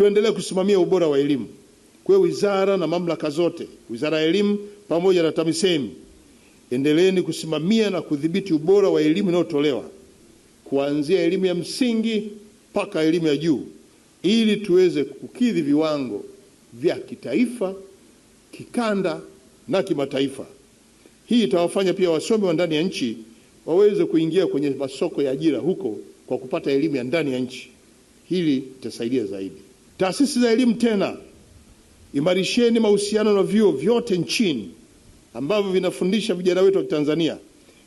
Tuendelee kusimamia ubora wa elimu. Kwa hiyo wizara na mamlaka zote, wizara ya elimu pamoja na TAMISEMI, endeleeni kusimamia na kudhibiti ubora wa elimu inayotolewa kuanzia elimu ya msingi mpaka elimu ya juu ili tuweze kukidhi viwango vya kitaifa, kikanda na kimataifa. Hii itawafanya pia wasomi wa ndani ya nchi waweze kuingia kwenye masoko ya ajira huko kwa kupata elimu ya ndani ya nchi. Hili litasaidia zaidi. Taasisi za elimu tena, imarisheni mahusiano na vyuo vyote nchini ambavyo vinafundisha vijana wetu wa Tanzania,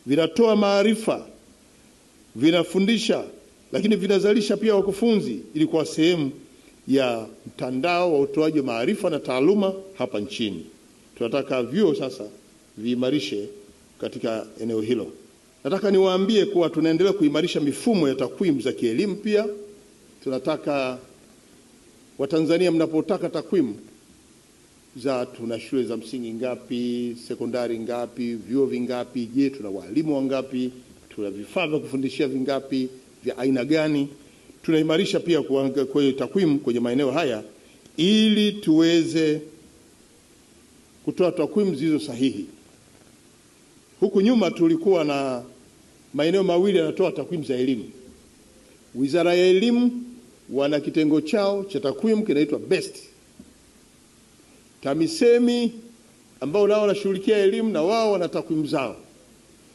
vinatoa maarifa, vinafundisha, lakini vinazalisha pia wakufunzi, ili kuwa sehemu ya mtandao wa utoaji wa maarifa na taaluma hapa nchini. Tunataka vyuo sasa viimarishe katika eneo hilo. Nataka niwaambie kuwa tunaendelea kuimarisha mifumo ya takwimu za kielimu pia tunataka Watanzania mnapotaka takwimu za tuna shule za msingi ngapi, sekondari ngapi, vyuo vingapi, je, tuna walimu wangapi, tuna vifaa vya kufundishia vingapi, vya aina gani, tunaimarisha pia kwenye takwimu kwenye maeneo haya ili tuweze kutoa takwimu zilizo sahihi. Huku nyuma tulikuwa na maeneo mawili yanatoa takwimu za elimu. Wizara ya Elimu wana kitengo chao cha takwimu kinaitwa BEST. TAMISEMI ambao nao wanashughulikia elimu na wao wana takwimu zao.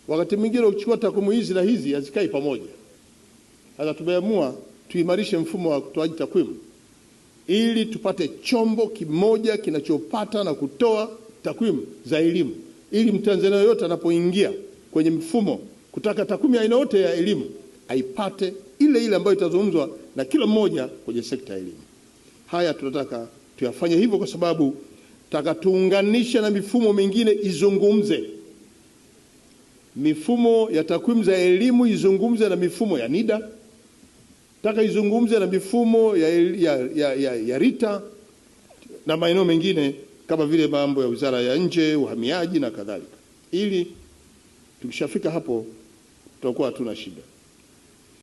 Wakati mwingine ukichukua takwimu hizi na hizi hazikai pamoja. Sasa tumeamua tuimarishe mfumo wa kutoaji takwimu ili tupate chombo kimoja kinachopata na kutoa takwimu za elimu, ili Mtanzania yote anapoingia kwenye mfumo kutaka takwimu aina yote ya elimu aipate ile ile ambayo itazungumzwa na kila mmoja kwenye sekta ya elimu. Haya tunataka tuyafanye hivyo kwa sababu taka tuunganishe na mifumo mingine izungumze, mifumo ya takwimu za elimu izungumze na mifumo ya NIDA, taka izungumze na mifumo ya, ya, ya, ya, ya RITA na maeneo mengine kama vile mambo ya wizara ya nje, uhamiaji na kadhalika, ili tukishafika hapo tutakuwa hatuna shida.